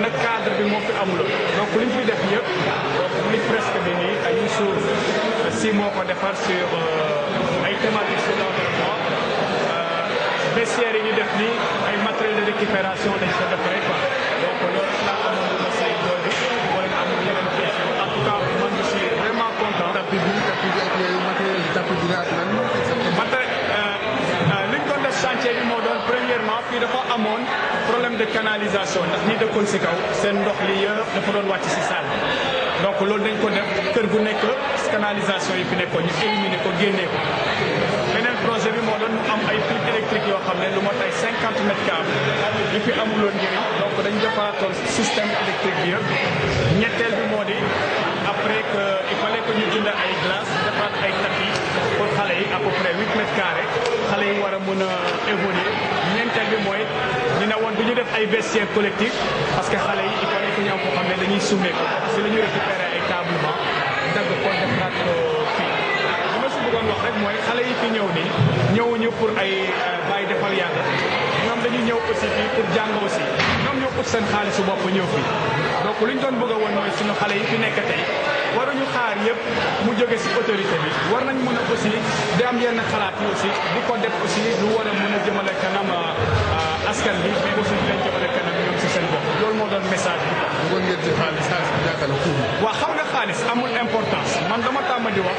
mais nag cadre bi moo fi amul donc li ñu fi def yëpp donc li presque bi nii ay Youssou si moo ko defar sur euh, ay thématiques sur l'environnement euh, vestiaires yi ñu def nii ay matériel de récupération dañ ko def rek quoi de canalisation ndax ñi dëkkoon si kaw seen ndox li yëpp dafa doon wàcc si salle donc loolu dañ ko def kër gu nekk canalisation yi fi nekkoon ñu éliminer ko génnee ko beneen projet bi moo doon am ay pile électrique yoo xam ne lu mot ay cinquante mètres carrés yu fi amuloon njëriñ donc dañ defaraatoon système électrique bi yëpp ñetteel bi moo di après que il fallait que ñu jënd ay glace defaraat ay tapis pour xale yi à peu près 8 mètres carrés xale yi war a mën a évoluer teg bi mooy ñu ne woon du ñu def ay vestiaire collectif parce que xale yi il faut que ñu am xam ne dañuy sumé ko si la ñuy récupéré ay tablement dagg ko def naat euh, fii li ma si bëggoon wax rek mooy xale yi fi ñëw nii ñëwuñu pour ay euh, bàyyi defal yàlla ñoom dañuy ñëw aussi fii pour jàng aussi ñoom ñoo ut seen xaalisu bopp ñëw fii donc li ñu doon bëgg a woon mooy suñu xale yi fi nekk tey mu jóge si autorité bi war nañ mën a aussi di yenn xalaat aussi di ko def aussi lu war a mën a jëmale kanam euh, askan bi mais di leen jëmale kanam ñoom si seen bopp loolu moo doon message bi. wax xam nga xaalis amul importance man dama tàmm di wax.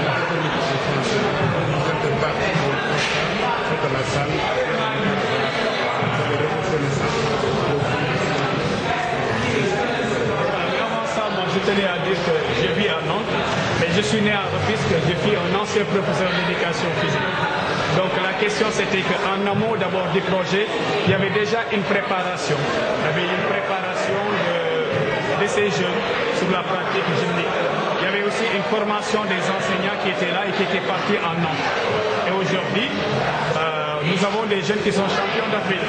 salle. ça, je tenais à dire que je vis à Nantes, mais je suis né à Rufisque, je suis un ancien professeur d'éducation physique. Donc la question c'était qu'en amont d'abord du projet, il y avait déjà une préparation. Il y avait une préparation de, ces jeunes sur la pratique gymnique. Il y avait aussi une formation des enseignants qui étaient là et qui étaient partis en Nantes. Et aujourd'hui, euh, nous avons des jeunes qui sont champions d'Afrique.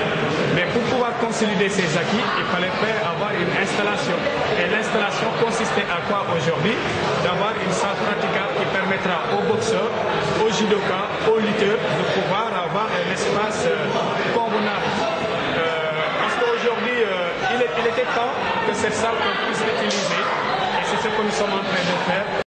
Mais pour pouvoir consolider ces acquis, il fallait faire avoir une installation. Et l'installation consistait à quoi aujourd'hui D'avoir une salle praticable qui permettra aux boxeurs, aux judokas, aux lutteurs de pouvoir avoir un espace euh, convenable. Euh, parce qu'aujourd'hui, euh, il, était temps que cette salle puisse être utilisée. Et c'est ce que nous sommes en train de faire.